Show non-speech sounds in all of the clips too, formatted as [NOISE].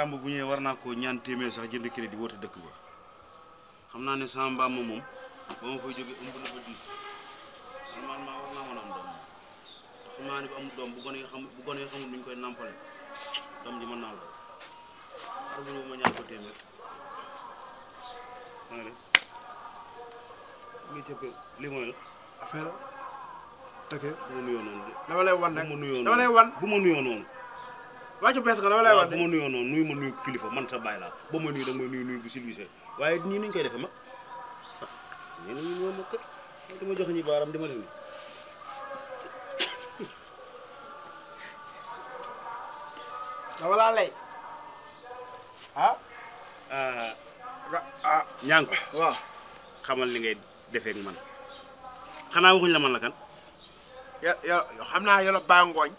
sàmb bu ñëwee ko ñaan téeméer sax jënd crédit woote dëkk ba xam naa ne sama mbaam ma moom ba ma fay jóge ëmb na ba war naa mën doom xam naa ne bu doom bu gone yi xam bu gone yi xamul nuñ doom ji mën naa lool xar bu ñëw ma ñaan ko téeméer da nga def muy tëpp li mooy waa ci bees nga dama lay wax de bu ma nuyoo noonu nuyu ma nuyu kilifa man sa bàyyi ba ma nuyu da nga nuyu nuyu bu civilisé waaye nii nuñ koy defee mag nee na ñu ñoo jox ñu dama leen dama laa lay ah. ah, ah xamal li ngay defee man xanaa waxuñ la man la kan. ya ya xam naa yàlla baa ngooñ.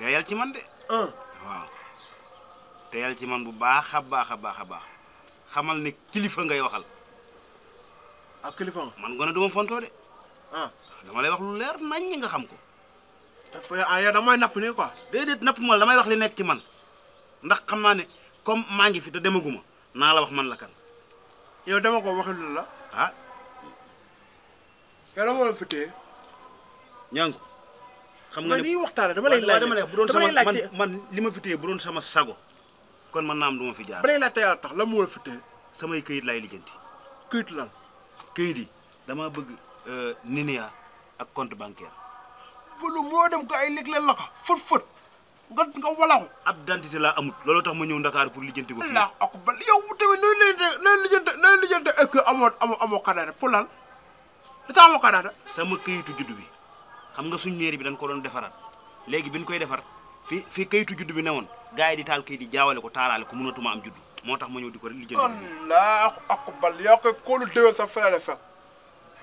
teeyal ci man de. Ah. waaw teeyal ci man bu baax a baax a baax a baax xamal ne kilifa ngay waxal. ak kilifa nga. man gone du ma fontoo de. ah dama lay wax lu leer nañ nga xam ko. dafa yow napp nii quoi. déedéet napp ma damay wax li nekk ci man ndax xam naa ne comme maa ngi fi demaguma naa la wax man la kan. yow dama lu la. ah. yow dama la xam nga ni waxtaan dama lay laaj dama lay bu man li ma fi téye bu doon sama sago kon ma naam du fi jaar. ba lay laaj tax la mu war a samay këyit lay lijjanti. këyit lan këyit yi bëgg euh, NINEA ak compte bancaire. moo dem ko ay léeg-léeg la ko fët fët nga nga walaxu. ab ma ñëw Ndakaar pour lijjanti ko. fii allah akbar yow tamit nooy sama këyitu juddu bi. xam nga suñ mairie bi dañ ko doon defaraat léegi bi ñu koy defar fi fi kayitu juddu bi newoon gars yi di taal kayit yi jaawale ko taalaale ko mënatuma am juddu moo tax ma ñëw di ko rek li jënd allahu akbar yaa koy kóolu sa frère la fekk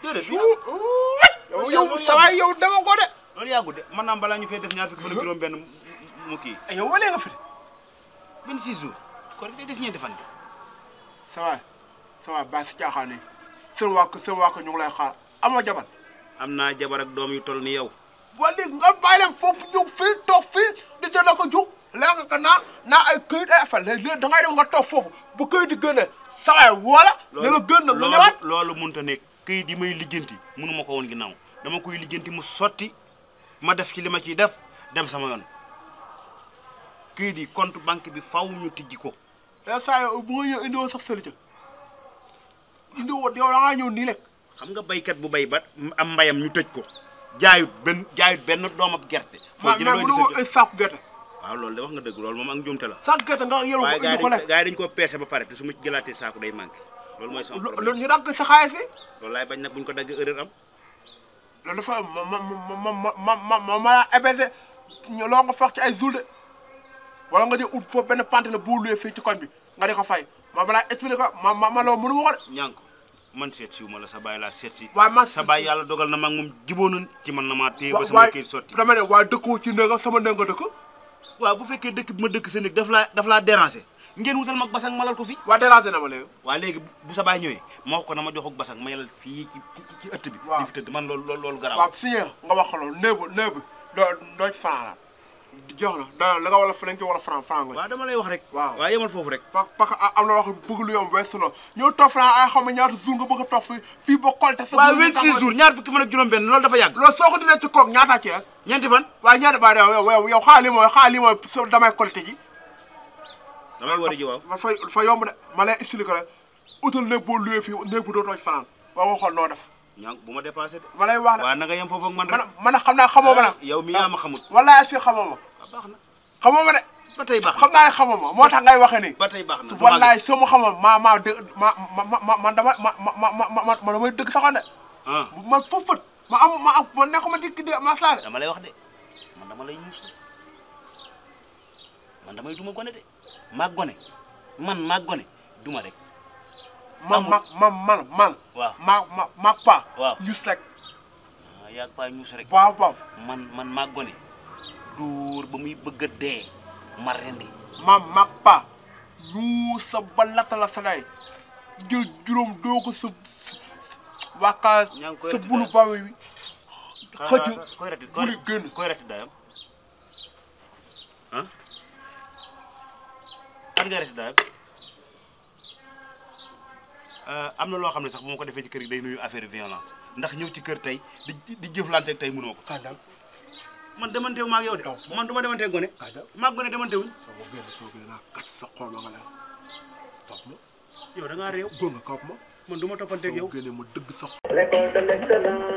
déedéet yow yow sawaay yow dama ko de yàggu de man naam balaa ñu fee def ñaar fukki fan ak juróom benn mu kii eh, fi benn six jours ko rek day des ñeenti fan sawaay sawaay bàyyi si caaxaan yi seen ñu lay xaar amoo jabar am naa jabar ak doom yu toll ni yow. nga bàyyi foofu jóg fii toog fii di jënd ko jóg léegi ka naa naa ay këyit ay affaire léegi dangay nga toog foofu bu këyit di génne saa wala. loolu gën na mu ñëwaat loolu mënut a nekk këyit yi may lijjanti mënu ma ko woon ginnaaw dama koy lijjanti mu sotti ma def ci li ma ciy def dem sama yoon këyit yi compte banque bi faaw ñu tijji ko. te saa bu nga ñëw indiwoo sax xam nga baykat bu bay ba am mbayam ñu tëj ko jaayut benn jaayut benn doomam gerte. foo jëlee loo gis ay saako gerte. loolu de wax nga dëgg moom ak la. saako gerte nga yoru ko indi ko lekk gars yi dañ koo peese ba pare te su ma mooy sama problème loolu ñu dagg sa xaalis yi. loolu laay buñ ko dagg erreur am. loolu dafa ma ma ma ma ma ma ma ébaissé loo nga foog ci ay jour wala nga di ut foofu benn pante la boo luwee ci koñ bi nga ko fay ma ma laa expliqué ko de. ñànk man seet si wu ma la sa baay laa seet si. waaye man sa baay yàlla dogal na ma moom jiboo nañ ci na maa téye ba sama kër sotti. dama ne waaye dëkkoo ci ndénga sama ndénga dëkk. waaw bu fekkee dëkk bi ma dëkk sa daf laa daf laa déranger ngeen wutal mag basang ko fi. waaw déranger na ma léegi. bu sa ñëwee ma wax na ma jox ak ma yalal fii ci ci di fi tëdd man loolu loolu loolu garaaw. waaw si nga wax loolu néew néew bi doo jox la da la nga wala fële nga wala franc dama lay wax rek waaw waaw yemal foofu rek parce que am na wax bëgg lu yomb weesu la ñoo toog franc ay xaw ma ñaata jour nga bëgg a toog fii fii ba xolte sa waaw vingt-six fan ak ñaata ci waaw ñaata ba yow yow damay collecté ji fa yomb de ma lay expliqué rek utal néeg boo luyee fii néeg waaw xool noo def ñaa bu ma dépassé de. ma lay wax waaw na nga yem foofu ak man rek man man xam naa xamoo ma nag. Ah, yow mi yaa ma xamut. walaay as fi xamoo ma. Ah, baax na xamoo ma de. ba tey baax na xam naa ne xamoo ma moo tax ngay waxee nii. ba tey baax na walaay soo ma xamoon ma ma dë ma ma ma man dama ma ma ma ma ma ma damay dëgg saxoon de. Ah. man foofu ma am ma am ma nekkuma dikk de masaale. dama lay wax de man dama lay ñuus man damay duma gone de maa gone man maa gone duma rek. ma ma ma mal mal. waaw ma ma ma pa. waaw ñus rek. ah yaa pa ñus rek. waaw waaw. man man maa gone. dóor ba muy bëgg a dee. ma rendi. ma ma pa. ñuusa ba latala sa day. jël juróom doo ko sa waa kaa sa bulu baawe wi. xëju bulu génn koy rati daayam. ah kan nga rati daayam. Euh, am na loo xam ne sax bu ma ko defee ci kër gi day nuyu affaire violence ndax ñëw ci kër tey di di jëflante ak tey mënoo ko. Kandal man demantewu ma ak yow de. man du ma demantee gone. Kandal maa gone demantewuñ. soo ko génn soo génn naa kat sa xool ma la topp yow da ngaa réew. góor nga kaw ma. man du ma toppanteeg yow soo génnee ma dëgg sax.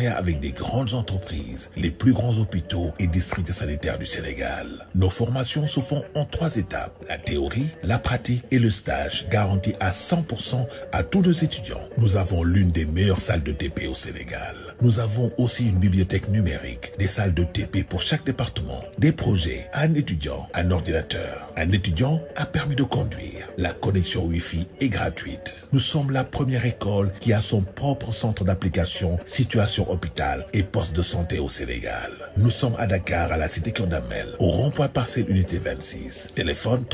partenariat avec des grandes entreprises, les plus grands hôpitaux et districts sanitaires du Sénégal. Nos formations se font en trois étapes, la théorie, la pratique et le stage, garantis à 100% à tous nos étudiants. Nous avons l'une des meilleures salles de TP au Sénégal. Nous avons aussi une bibliothèque La connexion Wi-Fi est gratuite. Nous la première école qui a son propre centre d'application, situation hôpital et poste de santé au Sénégal. Nous sommes à Dakar, à la cité Condamel, au rond-point parcelle unité 26. Téléphone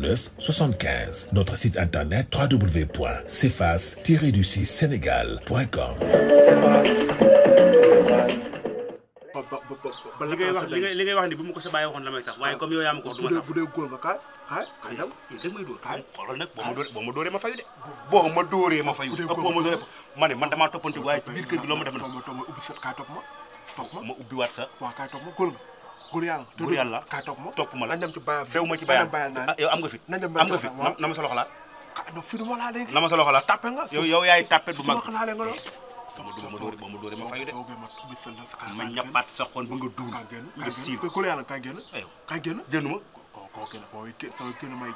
59 75. Notre site internet www.cefas-du-6sénégal.com. li ngay bu ma ko sa bàyyi waxoon la may sax waaye comme yow yaa ma ko wax du sax bu dee góor nga kaay kaay kaay dam dag ma dóoree ma dóoree ma fayu de boo ma dóoree ma fayu boo ma dóoree ma ne man damaa toppante waaye ci biir kër gi loo ma def na ubbi sa ma ubbi waat sa kaay topp ma góor nga góor yàlla góor yàlla kaa topp ma la dem ci bayal feew ma ci bayal yow am nga fit na ma sa loxo laal non fi du ma laa na ma sa loxo laal tàppe nga yow yaay tàppe bu mag ma dóore ba ma dóore ma fayu de ma ñapaat sa xoon ba nga duul nga siir góor yàlla kaa génn a génn génn ma koo génn koo sama génn may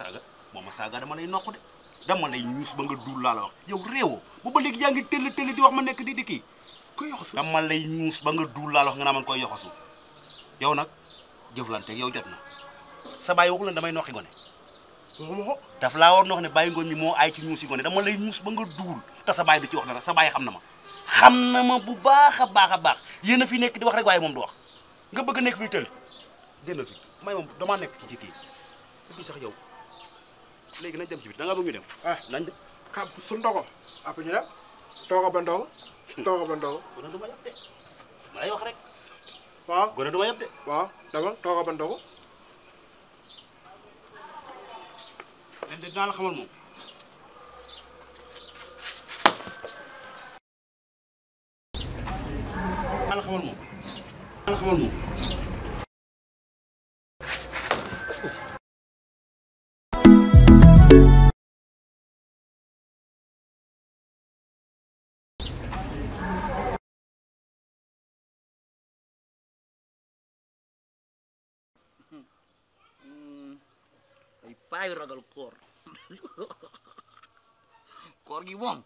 saaga ma saaga dama lay nokk de dama lay ñuus ba nga duul laa la wax yow réewoo bu ba léegi yaa ngi tëll di wax ma nekk di di koy yoxasu dama lay ñuus ba nga duul laal wax nga naa man koy yoxasu yow nag jëflante yow jot na sa bàyyi waxu leen damay noqi gone daf laa war na ne bàyyi ngoon ñi moo ay ci ñuus yi gone dama lay ñuus ba nga duul te sa bàyyi du ci wax dara sa bàyyi xam na ma xam na ma bu baax a baax a baax yéen a fi nekk di wax rek waaye moom du wax nga bëgg nekk fii tël génn fi may moom damaa nekk ci kii bi sax yow léegi nañ dem ci bi da nga bëgg ñu dem ah nañ dem. xam su tooga ba ndaw tooga ba ndaw. yab de ma wax rek. waaw gone du yab de. waaw dama tooga ba ndaw. la xamal moom. dinaa la xamal moom. dinaa la xamal moom. paa yi ragal koor gi moom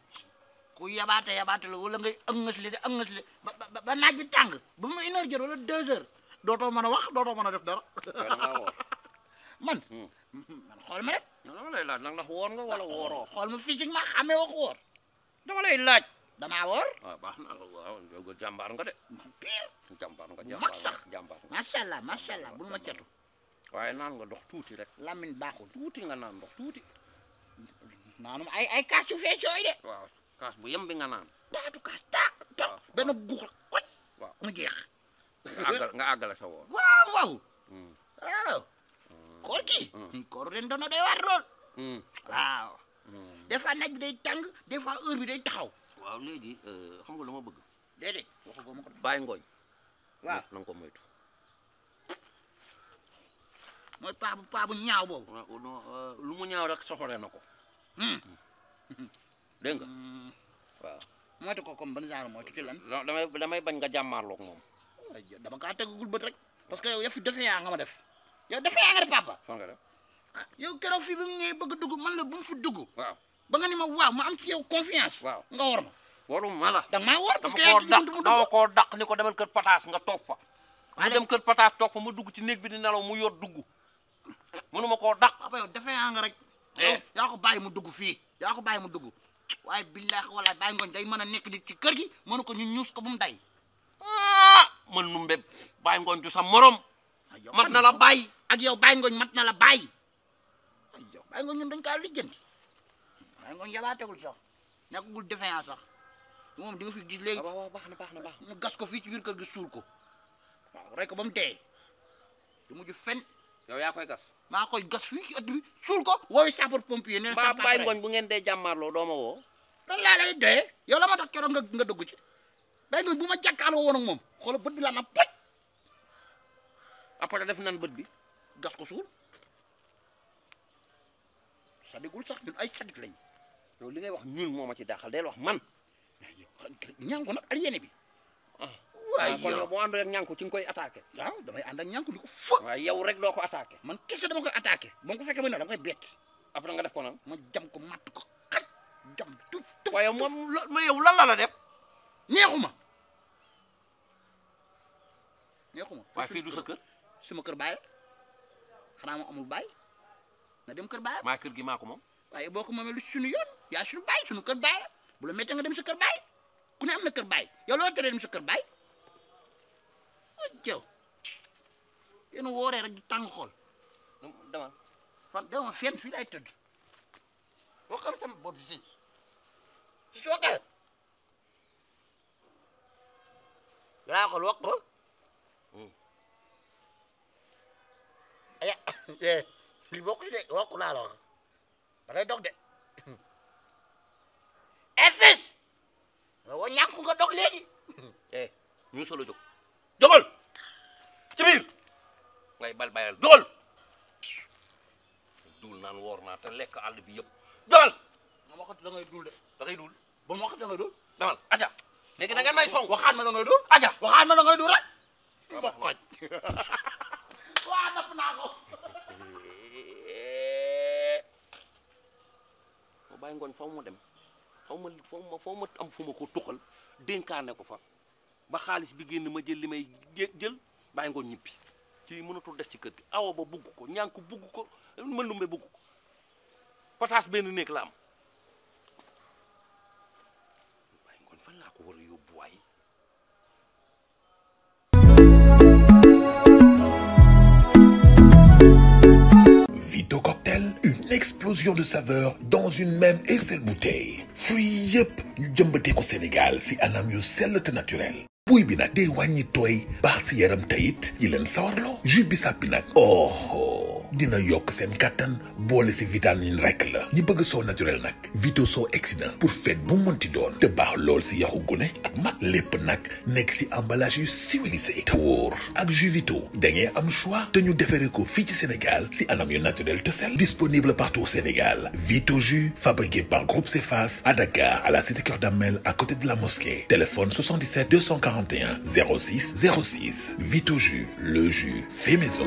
ku yabaate yabaate la wala ngay ëngas li di ëngas li ba ba ba naaj bi tàng ba ma une heure jot wala deux heures dootoo mën a wax dootoo mën a def dara. [LAUGHS] man. Hmm. man ma rek. dama lay laaj nag ndax nga wala wooroo. xool ma physiquement xamee wax woor. dama lay laaj. damaa woor. waaw ah, baax na waaw jàmbaar nga de. pire. jàmbaar nga jàmbaar nga jàmbaar nga. macha allah macha allah bul ma catu. waaye naan nga ndox tuuti rek. làmmiñ baaxu tuuti nga naan ndox tuuti. naanum ay ay kaas yu fee de. waaw bu yem bi nga naan. taatu kaas taak toq benn guux koj. waaw mu nga àggale sa waaw waaw. Mm. Mm. koor gi. Mm. koor ren doon na war lool. waaw. des fois naaj bi day tàng des fois heure bi day taxaw. waaw léegi euh, xam nga lu ma bëgg. déedéet waxu ko ma ko. bàyyi ngooñ. waaw mooy paa bu paa bu ñaaw boobu. Euh, lu mu ñaaw rek soxore na ko. Hmm. [LAUGHS] dégg nga hmm. waaw. moytu ko comme ban genre moytu ci lan. non damay damay bañ nga jàmmaarloog moom. dama kaa tegagul bët rek parce que yow yëf defe yaa nga ma def yow defe yaa nga def papa. fan nga ah, yow keroog fii bi mu ñëwee bëgg dugg man la bu mu fi duggu waaw ba nga ni ma waaw ma am ci yow confiance. waaw nga war ma. waru ma la. da maa war parce yaa ngi ci dugub dama koo dàq ni ko demal kër pataas nga toog fa. waaye dem kër pataas toog fa ma dugg ci néeg bi d nelaw mu yor dugg. mënuma koo dàq. papa yow defee nga rek. Eh. yaa ko bàyyi mu dugg fii yaa ko bàyyi mu dugg waaye billaahi walaay bàyyi ngooñ day mën a nekk di ci kër gi mënu ko ñu ñuus ko bu mu day. Ah, man numbe bàyyi ngooñ ju sa morom. mat na la bàyyi. ak yow bàyyi ngooñ mat nala la bàyyi. yow ngooñ ñun dañ kaa lijjanti bàyyi ngooñ yabaategul sax nekkagul defee sax moom di nga fi gis léegi. Ah, waaw mu gas ko fii ci biir kër gi suul ko waaw ko ba mu dee du mujj fen. yow yaa koy gas. maa koy gas fii ci suul ko wooyu sapeur pompier. nee na sapeur bàyyi ngooñ bu ngeen dee jàmmarloo doo ma woo. lan laa lay dee yow la ma tax keroog nga nga dëggu ci bu ma jàkkaarloo woon ak moom xoolal bët bi laa na poj. après def nan bët bi gas ko suul sadigul sax ñun ay sadik lañ yow li ngay wax ñun moo ma ci daaxal del wax man. ñaango nag aliéné bi ah. waay yow ah, kon yow boo àndee ak ñànku ci koy attaqué. waaw damay ànd ak ñànku di ko fa. waaw rek doo ko attaqué. man kese dama koy attaqué. ba mu ko fekkee ba ne dama koy bett. après nga def ko ma jam ko mat ko xaj jam tuf tuf. waaye moom ma yow lan la la def. neexuma. neexuma. waaye fii du sa suma kër baay la xanaa ma amul dem kër baay. maa kër gi maa ko moom. waaye boo ko moomee lu suñu yoon yaa suñu baay suñu kër baay bu la méttee nga dem sa kër baay ku ne am na kër baay yow loo tere dem sa kër baay. jëw yéen wooree rek di tàng fan dama fenn fii lay tëdd boo xam sama bopp si si soo kale laa xool wax ba aya eh, li bokk de waxu laa la wax da ngay dog de efes woo ñàkk nga dog léegi eh ñu jógal ci biir ngay bal bayal jógal duul naan woor naa te lekk àll bi yëpp jógal ma waxat da duul de da ngay duul ba ma waxat da ngay duul demal aja léegi da ngeen may song waxaat ma da duul aja waxaat ma da duul rek [LAUGHS] waa napp naa ko bàyyi ngoon faw ma dem faw ma faw ma faw ma ko fa ba xaalis bi génn ma jël li may jël bàyyi ngoon ñibbi ci mënatul des ci kër gi awa ba bugg ko ñànk bugg ko mëndumbe bugg ko pataas benn néeg la am bàyyi ngoon fan laa ko war a yóbbu waay Vito Cocktail, une explosion de saveurs dans une même et bouteille fruits yëpp ñu jëmbatee ko Sénégal si anam yu sell te naturel puy bi nag day wàññi tooy baax si yaram tayit yi leen sawarloo jus bisaab bi nag oh dina yokk seen kàttan boole si vitamine rek la ñi bëgg soo naturel nag vito soo exsident pour fête bu mënti doon te baax lool si yaxu gune ak mag lépp nag nekk si emballage yu civilisé te wóor ak jus vito da ngeen am choix te ñu defere ko fii ci Sénégal si anam yu naturel te sel disponible partout au Sénégal vito jus fabriqué par Groupe Cefas à Dakar à la cité Keur Damel à côté 41 06 06. Vite au jus, le jus fait maison.